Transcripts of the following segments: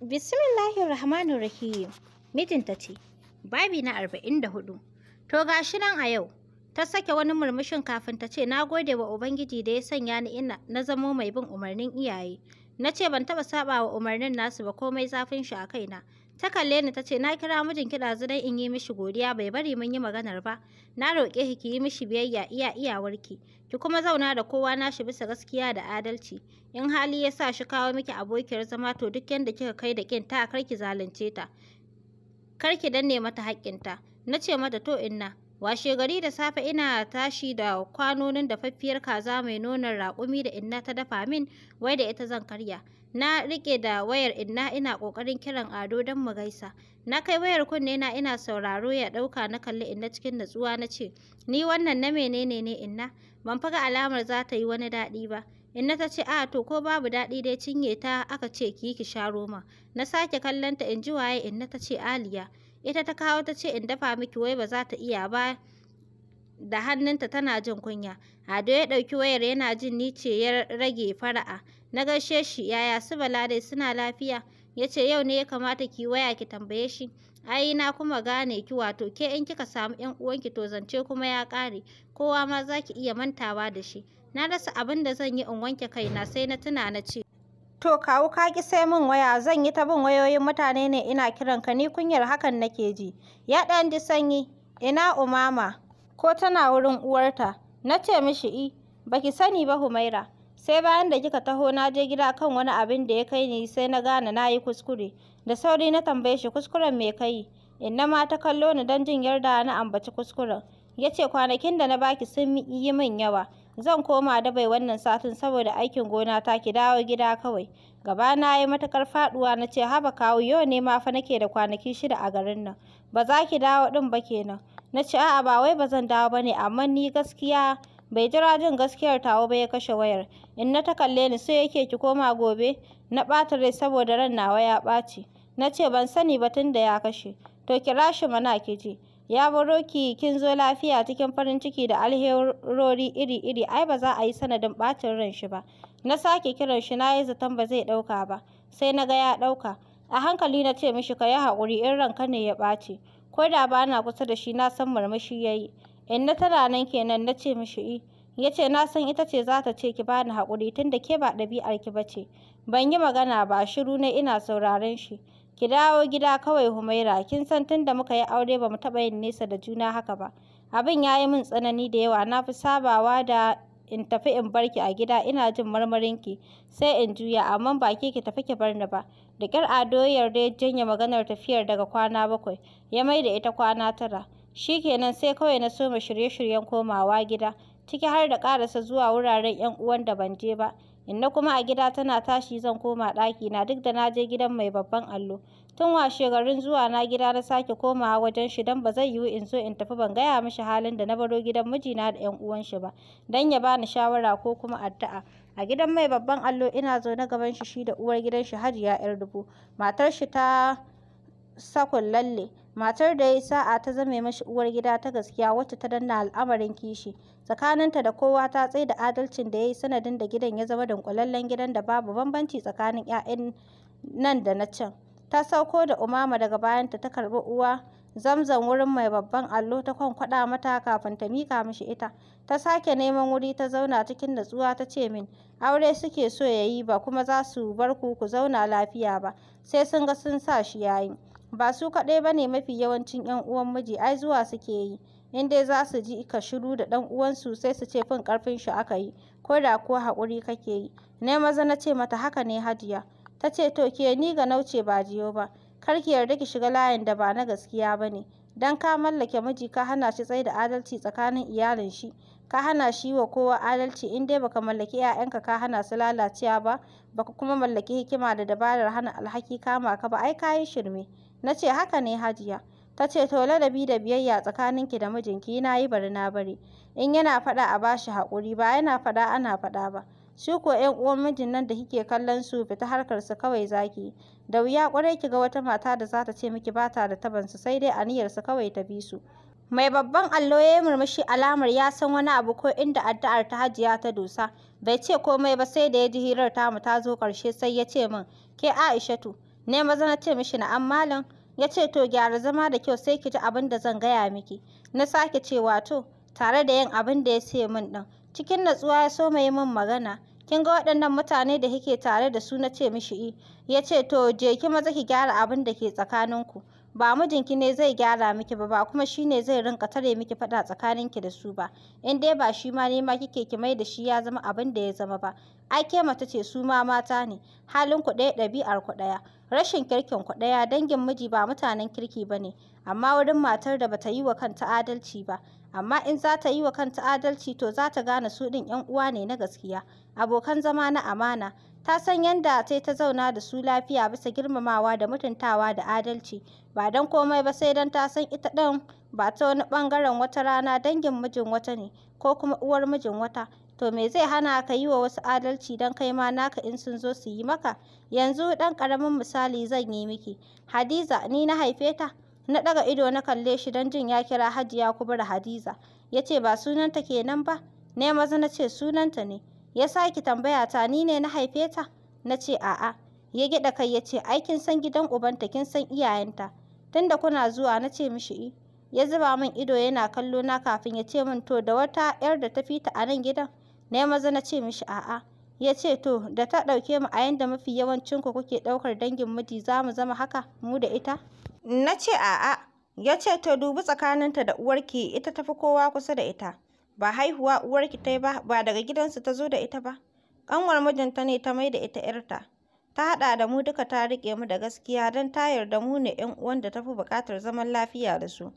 Bismillahirrahmanirrahim. Mijinta ce, babi na arba'in da hudu. To gashi nan a yau, ta sake wani murmushin kafin ta ce, na gode wa Ubangiji da ya sanya ni ina na zamo mai bin umarnin iyaye. Na ce ban taɓa saɓa wa umarnin nasu ba komai zafin shi a kaina. ta kalle ni ta ce na kira mijin kiɗa dan in yi mishi godiya bai bari mun yi maganar ba na roƙe ki ki yi mishi biyayya iya iyawarki ki kuma zauna da kowa na shi bisa gaskiya da adalci in hali ya sa shi kawo miki abokiyar zama to duk yadda kika kai da kin ta kar ki zalunce ta kar ki danne mata haƙƙinta na ce mata to inna Washe gari da safe ina tashi da kwanonin dafaffiyar kaza mai nonon raƙumi da inna ta dafa min, wai da ita zan karya. Na riƙe da wayar inna ina ƙoƙarin kiran Ado don mu gaisa. Na kai wayar kunne na ina sauraro ya ɗauka na kalli inna cikin natsuwa na ce, Ni wannan na menene ne inna? Ban faga alamar za ta yi wani daɗi ba. Inna ta ce, "A to ko babu daɗi dai cinye ta aka ce ki ki sha roma." Na sake kallon in ji waye Inna ta ce, "Aliya." ita ta kawo ta ce in dafa miki wai ba za ta iya ba da hannunta tana jin kunya ado ya ɗauki wayar yana jin ni ce ya rage fara'a na gaishe shi yaya su bala dai suna lafiya ya ce yau ne ya kamata ki waya ki tambaye shi ai na kuma gane ki wato ke in kika samu yan uwanki to zance kuma ya ƙare kowa ma za ki iya mantawa da shi na rasa abin da zan yi in wanke kaina sai na tuna na ce To kawu ka ki sai min waya zan yi ta bin wayoyin mutane ne ina kiran ka ni kunyar hakan nake ji. Ya ɗan ji sanyi. Ina Umama? Ko tana wurin uwarta? Na ce mishi i. Baki sani ba Humaira. Sai bayan da kika taho na je gida kan wani abin da ya kai ni sai na gane na yi kuskure. Da sauri na tambaye shi kuskuren me kai yi? Inna ma ta kallo ni don jin yarda na ambaci kuskuren. Ya ce kwanakin da na baki sun yi min yawa. zan koma dabai wannan satin saboda aikin gona ta ki dawo gida kawai gaba na yi matakar faduwa na ce haba kawo yau ne ma fa nake da kwanaki shida a garin nan ba za ki dawo din ba kenan na ce a'a ba wai ba zan dawo ne, amma ni gaskiya bai jira jin gaskiyar tawo ba ya kashe wayar in na ta kalle ni sai yake ki koma gobe na ɓata rai saboda ran nawa ya ɓaci na ce ban sani ba tun da ya kashe to kira shi mana ki ji ya baro ki kin zo lafiya cikin farin ciki da alherori iri-iri ai ba za a yi sanadin ɓacin ran shi ba na sake kiran shi na yi zaton ba zai ɗauka ba sai na ga ya ɗauka a hankali na ce mishi ka yi haƙuri in ranka ne ya ɓace. ko da ba na kusa da shi na san murmushi ya yi in na tana nan kenan na ce mishi i eh. ya ce na san ita ce za ta ce ki bani hakuri, tunda ke ba ɗabi'ar ki ba ce ban yi magana ba shiru ne ina sauraren shi Ki dawo gida kawai Humaira, kin san tunda muka yi aure ba mu taɓa yin nesa da juna haka ba. Abin ya yi min tsanani da yawa, na fi sabawa da in tafi in bar ki a gida ina jin marmarin ki sai in juya amma ba ke ki tafi ki bar ni ba da kyar ado ya yarda ya janye maganar tafiyar daga kwana bakwai ya mai da ita kwana tara shikenan sai kawai na soma shirye-shiryen komawa gida ciki har da karasa zuwa wuraren 'yan uwan da ban je ba inna kuma a gida tana tashi zan koma ɗakina duk da na je gidan mai babban allo tun washegarin zuwa na gida na sake komawa wajen shi don ba zai yiwu in so in tafi ban gaya mishi halin da na baro gidan mijina da 'yan uwan shi ba don ya bani shawara ko kuma addu'a a gidan mai babban allo ina zo na gaban shi shi da uwar gidan shi hajiya yar dubu matar shi ta sakon lalle matar da ya sa'a ta zame mashi uwar gida ta gaskiya wacce ta danna al'amarin kishi tsakaninta da kowa ta tsai da adalcin da ya yi sanadin da gidan ya zama dunkulallen gidan da babu bambanci tsakanin 'ya'yan nan da na can ta sauko da umama daga bayanta ta karbi uwa zamzam wurin mai babban allo ta kwankwada mata kafin ta mika mishi ita ta sake neman wuri ta zauna cikin natsuwa ta ce min aure suke so ya yi ba kuma za su bar ku ku zauna lafiya ba sai sun ga sun sa shi yayi ba su kaɗai ba ne mafi yawancin 'yan uwan miji ai zuwa suke yi in dai za su ji ka shiru da ɗan uwansu sai su ce fin ƙarfin shi aka yi ko da ko haƙuri kake yi ne maza na ce mata haka ne hajiya ta ce to ke ni ga nauce ba jiyo ba kar ki yarda ki shiga layin da ba na gaskiya ba ne dan ka mallake miji ka hana shi tsaye da adalci tsakanin iyalin shi ka hana shi wa kowa adalci in dai baka mallaki 'ya'yanka ka hana su lalacewa ba baka kuma mallaki hikima da dabarar hana alhaki kama ka ba ai ka yi shirme Na ce haka ne Hajiya. Ta ce to ladabi da biyayya tsakaninki da mijinki na yi bari na bari. In yana faɗa a bashi haƙuri ba yana faɗa ana faɗa ba. Shi ko ƴan uwan mijin nan da kike kallon su fita harkar su kawai zaki. Da wuya ƙwarai ki ga wata mata da za ta ce miki bata da taban su sai dai aniyar su kawai ta bi su. Mai babban allo ya yi murmushi alamar ya san wani abu ko inda addu'ar ta hajiya ta dosa. Bai ce komai ba sai da ya ji hirar tamu ta zo ƙarshe sai ya ce min, ke Aishatu, ne maza na ce mishi na malam ya ce to gyara zama da kyau sai ki ji abin da zan gaya miki na sake ce wato tare da yin abin da ya ce min ɗin cikin natsuwa ya so yi min magana kin ga waɗannan mutane da kike tare da su na ce mishi i ya ce to je ki maza ki gyara abin da ke tsakaninku ba mijinki ne zai gyara miki ba ba kuma shi ne zai rinka tare miki faɗa ki da su ba in dai ba shi ma nema kike ki mai da shi ya zama abin da ya zama ba ai ke mata ce su ma mata ne halin ku ɗaya ɗabi'ar ku ɗaya rashin kirkin ku ɗaya dangin miji ba mutanen kirki ba ne amma wurin matar da bata yi wa kanta adalci ba amma in za ta yi wa kanta adalci to za ta gane su ɗin 'yan uwa ne na gaskiya abokan zama na amana ta san yadda sai ta zauna da su lafiya bisa girmamawa da mutuntawa da adalci ba don komai ba sai don ta san ita ɗin ba ta wani ɓangaren wata rana dangin mijin wata ne ko kuma uwar mijin wata to me zai hana ka yi wa wasu adalci don kai ma naka in sun zo su yi maka yanzu ɗan ƙaramin misali zan yi miki hadiza ni na haife ta na ɗaga ido na kalle shi don jin ya kira hajiya kubura hadiza ya ce ba sunanta kenan ba ne maza na ce sunanta ne ya sake tambaya ta ni ne na haife ta na ce a'a ya gida kai ya ce ai kin san gidan ubanta kin san iyayenta tunda kuna zuwa na ce mishi i eh. ya zuba min ido yana kallo na kafin ya ce min to da wata yar da ta fita a nan gidan na maza na ce mishi a'a ya ce to da ta ɗauke mu a yanda mafi yawancin ku kuke ɗaukar dangin miji za mu zama haka mu da ita na ce a'a ya ce to dubi tsakaninta da uwarki ita tafi kowa kusa da ita ba haihuwa uwarki ta yi ba, ba daga gidansu ta zo da ita ba. Ƙanwar mijinta ne ta mai da ita ‘yarta. Ta haɗa da mu duka ta riƙe mu da gaskiya don ta yarda mu ne ‘yan uwan da ta fi buƙatar zaman lafiya da su.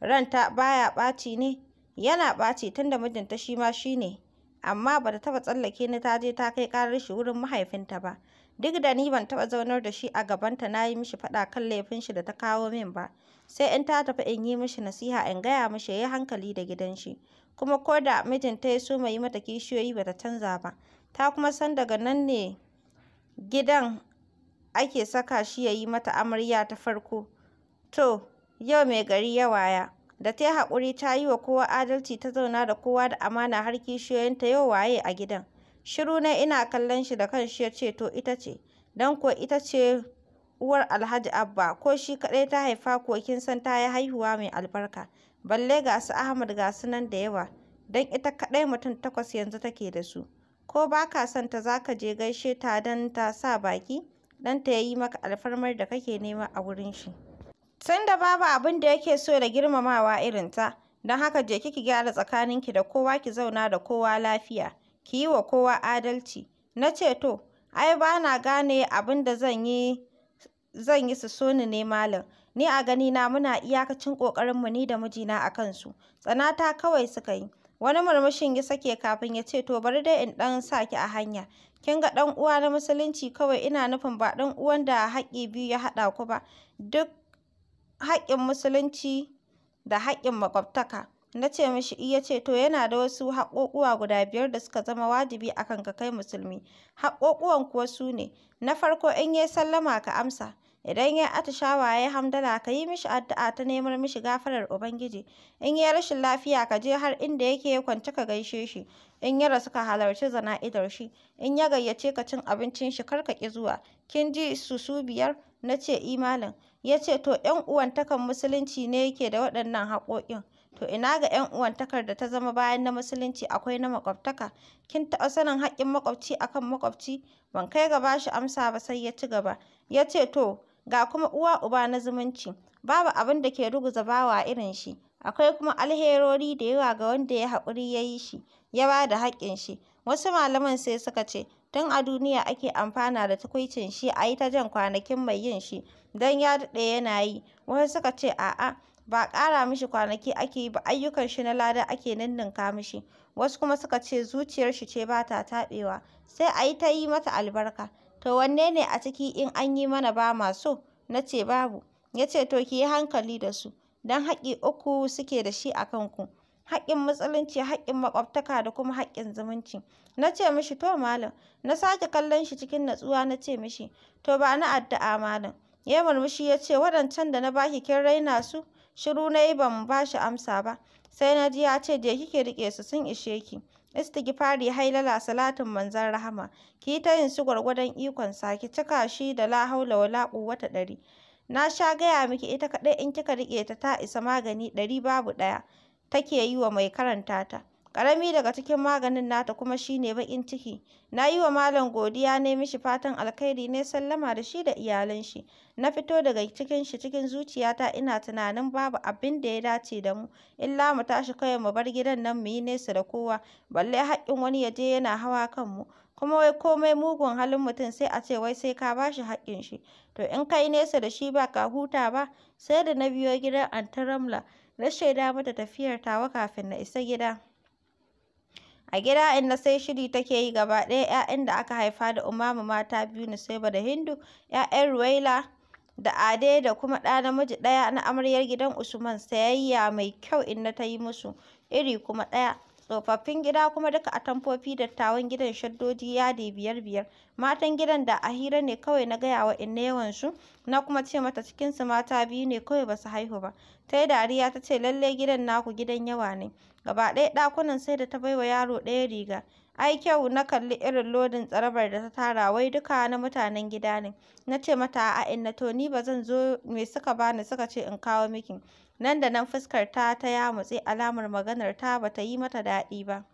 Ranta baya ɓaci ne, yana ɓaci tunda mijinta shi ma shi ne. Amma ba ta taɓa tsallake ni ta je ta kai ƙarar shi wurin mahaifinta ba. Duk da ni ban taɓa zaunar da shi a gabanta na yi mishi faɗa kan laifin shi da ta kawo min ba. Sai in ta tafi in yi mishi nasiha in gaya mishi ya yi hankali da gidan shi. kuma ko da mijinta ya so yi mata kishiyoyi ba ta canza ba ta kuma san daga nan ne gidan ake saka shi ya yi mata amarya ta farko to yau mai gari ya waya da ta yi haƙuri ta yi wa kowa adalci ta zauna da kowa da amana har kishiyoyinta yau waye a gidan shiru na ina kallon shi da shi ya ce to ita ce don kuwa ita ce uwar alhaji abba ko shi kaɗai ta haifa ko kin san ta yi haihuwa mai albarka balle ga su Ahmad ga su nan da yawa don ita kaɗai mutum takwas yanzu take da su ko ba ka son ta za ka je gaishe ta don ta sa baki don ta yi maka alfarmar da kake nema a wurin shi tun da babu abin da yake so da girmamawa irin ta don haka je ki gyara tsakanin ki da kowa ki zauna da kowa lafiya ki yi wa kowa adalci na ce to ai ba na gane abin da zan yi zan yi su so ni ne malam Ni a ganina muna iyakacin ƙoƙarinmu ni da mijina a kansu, tsanata kawai suka yi. Wani murmushin ya sake kafin ya ce to bari dai in ɗan sa ki a hanya. Kin ga ɗan uwa na musulunci kawai ina nufin ba ɗan uwan da haƙƙi biyu ya haɗa ku ba, duk haƙƙin musulunci da haƙƙin makwabtaka Na ce mishi iya ce to yana da wasu haƙoƙuwa guda biyar da suka zama wajibi akan ka kai musulmi. Haƙoƙuwan kuwa su ne, na farko in yai sallama ka amsa, Idan ya atishawa ya yi hamdala ka yi mishi addu'a ta neman mishi gafarar Ubangiji. In ya rashin lafiya ka je har inda yake ya kwance ka gaishe shi. In ya rasu ka halarci zana'idar shi. In ya gayyace ka cin abincin shi kar ka ƙi zuwa. Kin ji su su biyar? Na ce imalin. E, ya ce to 'yan uwantakan musulunci ne yake da waɗannan haƙoƙin. To ina ga 'yan uwantakar da ta zama bayan na musulunci akwai na makwabtaka Kin taɓa sanin haƙƙin makwabci akan makwabci Ban kai ga bashi amsa ba sai ya ci gaba. Ya ce to ga kuma uwa uba na zumunci. Babu abin da ke ruguza bawa irin shi. Akwai kuma alherori da yawa ga wanda ya haƙuri ya yi shi, ya ba da haƙƙin shi. Wasu malaman sai suka ce, tun a duniya ake amfana da tukuicin shi a yi ta jan kwanakin mai yin shi, don ya daɗe yana yi. Wasu suka ce a'a, ba ƙara mishi kwanaki ake yi ba, ayyukan shi na lada ake ninninka mishi. Wasu kuma suka ce zuciyar shi ce ba ta taɓewa, sai a yi ta yi mata albarka. To wanne ne a ciki in an yi mana ba ma so? Na ce babu. Ya ce to ki yi hankali da su, don haƙƙi uku suke da shi a kanku. haƙin musulunci, haƙƙin maƙwabtaka da kuma haƙƙin zumunci. Na ce mishi to malam, na sake kallon shi cikin natsuwa na ce mishi to ba na addu'a malam. Ya murmushi ya ce waɗancan da na baki kin raina su, shiru na yi ban ba shi amsa ba. Sai na ji ya ce je kike riƙe su sun ishe ki. istighfari hailala salatin manzan rahama ki ta yin su gwargwadon ikon sa ki cika shi da la haula wala quwwata ɗari na sha gaya miki ita kadai in kika riƙe ta ta isa magani ɗari babu ɗaya take yi wa mai karanta ta Ƙarami daga cikin maganin nata kuma shi ne baƙin ciki. Na yi wa Malam godiya ne mishi fatan alkhairi ne sallama da shi da iyalan shi. Na fito daga cikin shi cikin zuciyata ina tunanin babu abin da ya dace da mu illa mu tashi kawai mu bar gidan nan mu yi nesa da kowa balle haƙƙin wani ya je yana hawa kan mu. kuma wai komai mugun halin mutum sai a ce wai sai ka ba shi haƙƙin shi to in kai nesa da shi ba ka huta ba sai da na biyo gidan anti Ramla na shaida mata tafiyar tawa kafin na isa gida A gida inda sai shiri take yi gaba ɗaya 'ya'yan da aka haifa da Umamu mata biyu Nusaiba da Hindu, 'ya'yan Ruwaila da Ade da kuma ɗa namiji ɗaya na amaryar gidan Usman, sayayya mai kyau inda ta yi musu, iri kuma ɗaya. tsofaffin gida kuma duka atamfofi dattawan gidan shaddoji yadi biyar biyar matan gidan da a hira ne kawai na gaya wa inna yawan su na kuma ce mata cikinsu mata biyu ne kawai basu haihu ba ta yi dariya ta ce lallai gidan naku gidan yawa ne gaba ɗaya ɗakunan sai da ta bai wa yaro ɗaya riga ai kyau na kalli irin lodin tsarabar da ta tara wai duka na mutanen gida ne na ce mata a inna to ni ba zan zo me suka bani suka ce in kawo miki nan da nan fuskar ta ta yamutse alamar maganar ta ba ta yi mata daɗi ba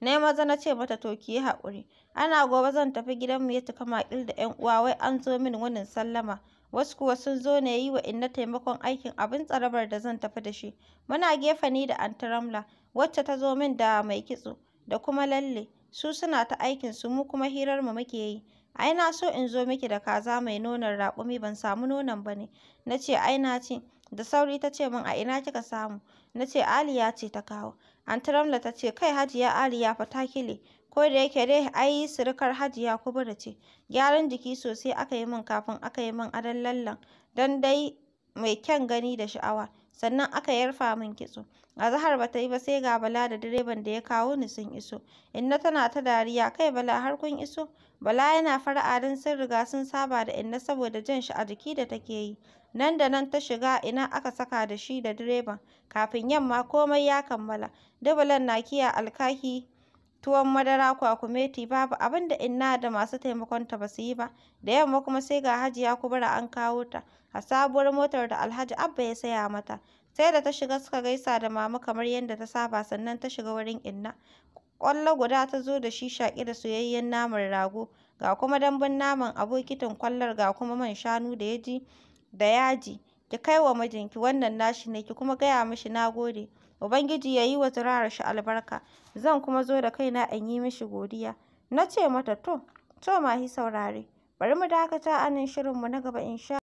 na yi maza na ce mata to ki yi haƙuri ana gobe zan tafi gidanmu ya cika maƙil da 'yan uwa wai an zo min wunin sallama wasu kuwa sun zo ne yi wa inna taimakon aikin abin tsarabar da zan tafi da shi muna gefe ni da anti ramla wacce ta zo min da mai kitso da kuma lalle su suna ta aikin su mu kuma hirar mu muke yi ai na so in zo miki da kaza mai nonon raƙumi ban samu nonon ba ne na ce ai na ce Da sauri ta ce min a ina kika samu? Na ce Aliya ce ta kawo. An ta ce kai Hajiya Aliya fata kile. Ko da yake dai ai surukar Hajiya Kubura ce. Gyaran jiki sosai aka yi min kafin aka yi min adon lallan. Dan dai mai kyan gani da sha'awa. sannan aka yarfa min kitso azahar ba ta yi ba sai ga bala da direban da ya kawo ni sun iso inna tana ta dariya kai bala har kun iso bala yana fara'a don sun riga sun saba da inna saboda jan shi a jiki da take yi nan da nan ta shiga ina aka saka da shi da direban. Kafin yamma komai ya kammala. Dubulan na kiya alkaki tuwon madara kwakumeti babu abin da inna da masu taimakonta ba su yi ba da yamma kuma sai ga hajiya kubura an kawo ta a sabuwar motar da alhaji abba ya saya mata sai da ta shiga suka gaisa da mama kamar yadda ta saba sannan ta shiga wurin inna ƙwallo guda ta zo da shi shaƙi da soyayyen naman rago ga kuma dambun naman a bokitin ƙwallon ga kuma man shanu da ya ji da yaji, ki kai wa mijinki, wannan nashi ne, ki kuma gaya mishi na gode, Ubangiji ya yi wa shi albarka, zan kuma zo da kaina in yi mishi godiya. Na ce mata to, to mahi saurare, bari mu dakata anan shirin shirinmu na gaba insha